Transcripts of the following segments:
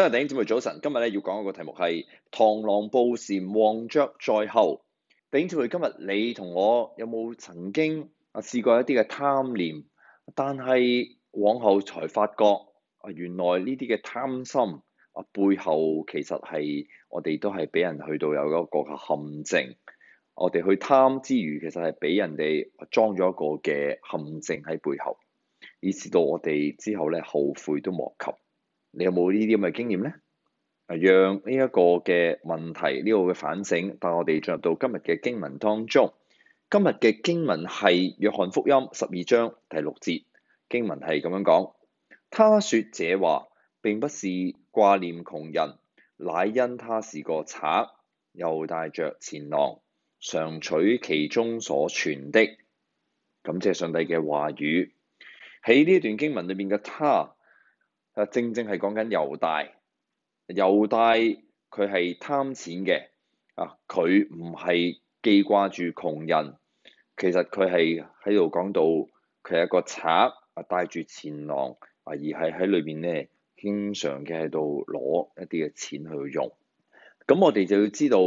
大家弟兄姊妹早晨，今日咧要講一個題目係螳螂捕蟬，黃雀在後。弟兄姊妹，今日你同我有冇曾經啊試過一啲嘅貪念？但係往後才發覺啊，原來呢啲嘅貪心啊背後其實係我哋都係俾人去到有一個陷阱。我哋去貪之餘，其實係俾人哋裝咗一個嘅陷阱喺背後，以至到我哋之後咧後悔都莫及。你有冇呢啲咁嘅經驗呢？啊，讓呢一個嘅問題，呢個嘅反省，帶我哋進入到今日嘅經文當中。今日嘅經文係《約翰福音》十二章第六節，經文係咁樣講：他說這話，並不是掛念窮人，乃因他是一個賊，又帶着錢囊，常取其中所存的。感謝上帝嘅話語，喺呢段經文裏面嘅他。啊，正正係講緊猶大，猶大佢係貪錢嘅，啊，佢唔係記掛住窮人，其實佢係喺度講到佢係一個賊，啊，帶住錢囊，啊，而係喺裏邊咧，經常嘅喺度攞一啲嘅錢去用。咁我哋就要知道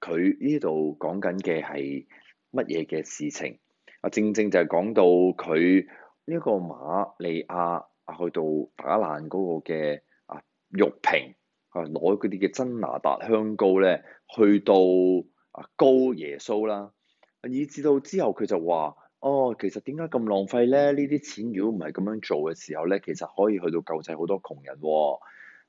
佢呢度講緊嘅係乜嘢嘅事情。啊，正正就係講到佢呢個瑪利亞。去到打爛嗰個嘅啊，玉瓶，啊，攞嗰啲嘅真拿達香膏咧，去到啊，膏耶穌啦，以至到之後佢就話：哦，其實點解咁浪費咧？呢啲錢如果唔係咁樣做嘅時候咧，其實可以去到救濟好多窮人喎、哦。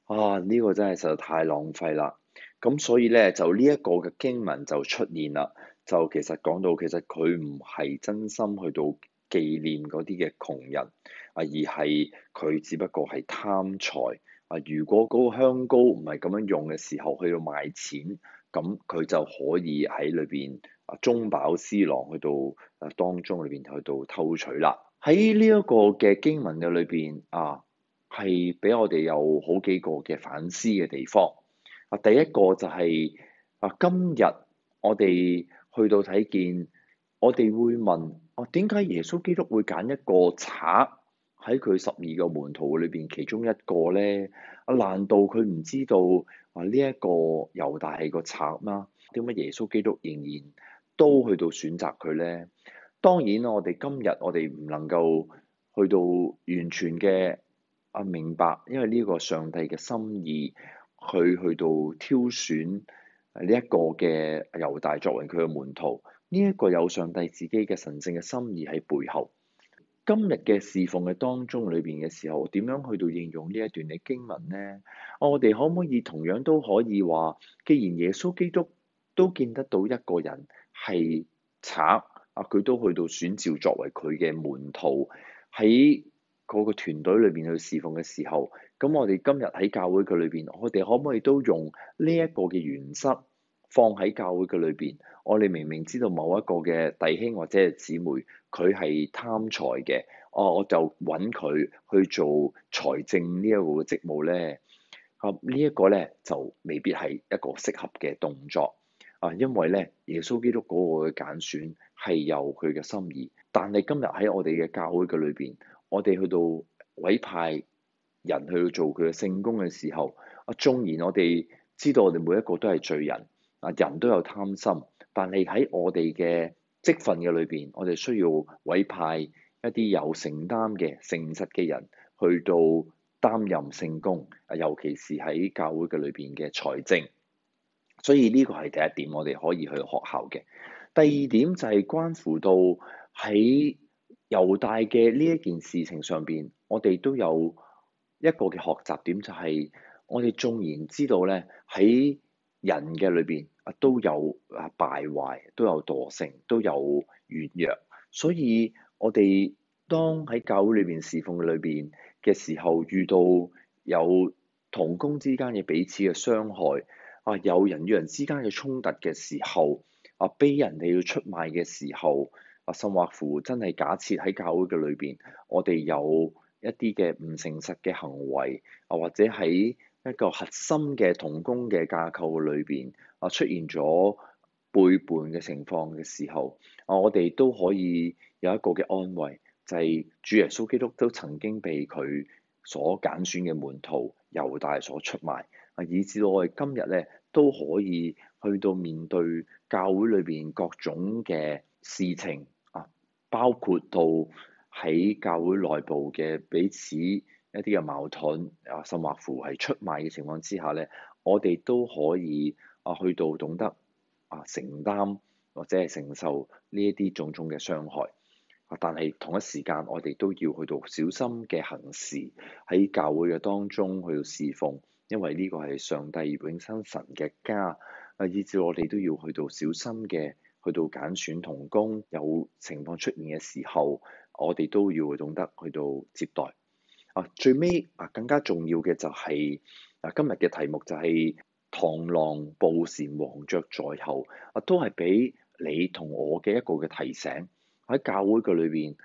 啊，呢、呢個真係實在太浪費啦。咁所以咧，就呢一個嘅經文就出現啦，就其實講到其實佢唔係真心去到。紀念嗰啲嘅窮人，啊而係佢只不過係貪財啊！如果嗰個香膏唔係咁樣用嘅時候，去到賣錢，咁佢就可以喺裏邊啊中飽私囊，去到啊當中裏邊去到偷取啦。喺呢一個嘅經文嘅裏邊啊，係俾我哋有好幾個嘅反思嘅地方。啊，第一個就係啊，今日我哋去到睇見。我哋會問：哦，點解耶穌基督會揀一個賊喺佢十二個門徒裏邊其中一個呢？啊，難道佢唔知道話呢一個猶大係個賊嗎？點解耶穌基督仍然都去到選擇佢呢？當然我哋今日我哋唔能夠去到完全嘅啊明白，因為呢個上帝嘅心意，佢去到挑選呢一個嘅猶大作為佢嘅門徒。呢一個有上帝自己嘅神聖嘅心意喺背後，今日嘅侍奉嘅當中裏邊嘅時候，點樣去到應用呢一段嘅經文呢？我哋可唔可以同樣都可以話，既然耶穌基督都見得到一個人係賊啊，佢都去到選召作為佢嘅門徒，喺嗰個團隊裏邊去侍奉嘅時候，咁我哋今日喺教會嘅裏邊，我哋可唔可以都用呢一個嘅原則？放喺教會嘅裏邊，我哋明明知道某一個嘅弟兄或者係姊妹佢係貪財嘅，啊我就揾佢去做財政呢一個嘅職務咧。啊，這個、呢一個咧就未必係一個適合嘅動作。啊，因為咧耶穌基督嗰個嘅揀選係有佢嘅心意，但係今日喺我哋嘅教會嘅裏邊，我哋去到委派人去做佢嘅聖工嘅時候，啊縱然我哋知道我哋每一個都係罪人。啊，人都有貪心，但係喺我哋嘅職分嘅裏邊，我哋需要委派一啲有承擔嘅誠實嘅人去到擔任聖工，尤其是喺教會嘅裏邊嘅財政。所以呢個係第一點，我哋可以去學效嘅。第二點就係關乎到喺猶大嘅呢一件事情上邊，我哋都有一個嘅學習點，就係、是、我哋縱然知道咧喺人嘅裏邊啊都有啊敗壞，都有惰性，都有軟弱，所以我哋當喺教會裏邊侍奉嘅裏邊嘅時候，遇到有同工之間嘅彼此嘅傷害，啊有人與人之間嘅衝突嘅時候，啊被人哋要出賣嘅時候，啊甚或乎真係假設喺教會嘅裏邊，我哋有一啲嘅唔誠實嘅行為，啊或者喺一個核心嘅同工嘅架構裏邊啊，出現咗背叛嘅情況嘅時候，啊，我哋都可以有一個嘅安慰，就係、是、主耶穌基督都曾經被佢所揀選嘅門徒猶大所出賣啊，以至到我哋今日咧都可以去到面對教會裏邊各種嘅事情啊，包括到喺教會內部嘅彼此一啲嘅矛盾啊，甚或乎係出賣嘅情況之下咧，我哋都可以啊，去到懂得啊，承擔或者係承受呢一啲種種嘅傷害。啊，但係同一時間，我哋都要去到小心嘅行事喺教會嘅當中去到侍奉，因為呢個係上帝永生神嘅家。啊，以致我哋都要去到小心嘅去到揀選同工，有情況出現嘅時候，我哋都要去懂得去到接待。啊，最尾啊，更加重要嘅就係啊，今日嘅題目就係螳螂捕蟬，黃雀在後。啊，都係俾你同我嘅一個嘅提醒，喺教會嘅裏邊，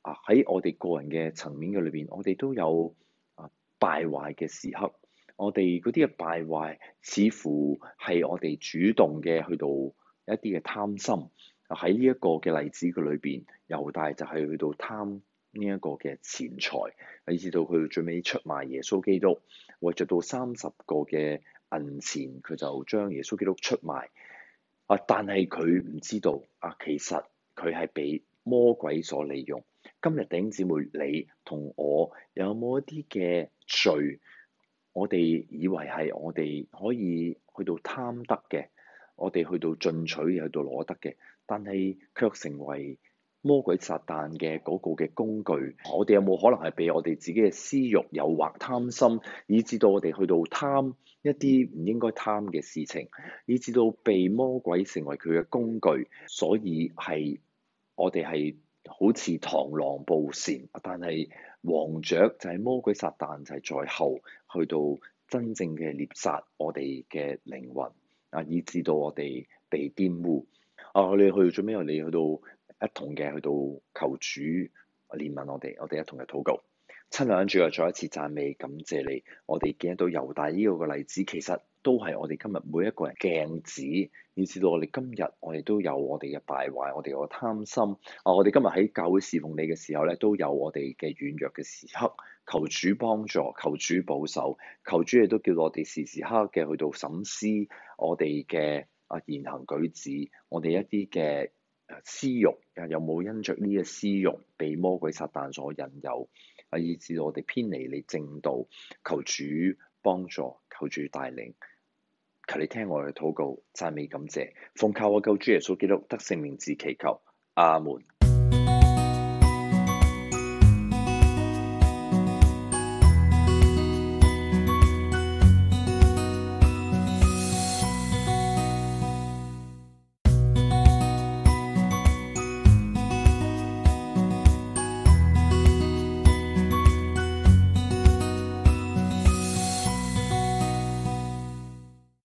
啊，喺我哋個人嘅層面嘅裏邊，我哋都有啊敗壞嘅時刻。我哋嗰啲嘅敗壞，似乎係我哋主動嘅去到一啲嘅貪心。喺呢一個嘅例子嘅裏邊，猶大就係去到貪。呢一個嘅錢財，以致到佢最尾出賣耶穌基督，為著到三十個嘅銀錢，佢就將耶穌基督出賣。啊！但係佢唔知道，啊，其實佢係被魔鬼所利用。今日弟兄姊妹，你同我有冇一啲嘅罪？我哋以為係我哋可以去到貪得嘅，我哋去到進取，去到攞得嘅，但係卻成為魔鬼撒旦嘅嗰個嘅工具，我哋有冇可能係俾我哋自己嘅私欲誘惑、貪心，以至到我哋去到貪一啲唔應該貪嘅事情，以至到被魔鬼成為佢嘅工具，所以係，我哋係好似螳螂捕蟬，但係黃雀就係魔鬼撒旦就係、是、在後去到真正嘅獵殺我哋嘅靈魂，啊，以至到我哋被玷污啊，我哋去做咩，你去到。一同嘅去到求主憐憫我哋，我哋一同嘅禱告。親眼主啊，再一次讚美感謝你。我哋見得到猶大呢個嘅例子，其實都係我哋今日每一個人鏡子。以至到我哋今日，我哋都有我哋嘅敗壞，我哋嘅貪心。啊，我哋今日喺教會侍奉你嘅時候咧，都有我哋嘅軟弱嘅時刻。求主幫助，求主保守，求主亦都叫我哋時時刻刻嘅去到審思我哋嘅啊言行舉止，我哋一啲嘅。私欲，又有冇因着呢個私欲被魔鬼撒旦所引誘啊，以致我哋偏離你正道，求主幫助，求主帶領。求你聽我嘅禱告，讚美感謝，奉靠我救主耶穌基督得聖名字祈求，阿門。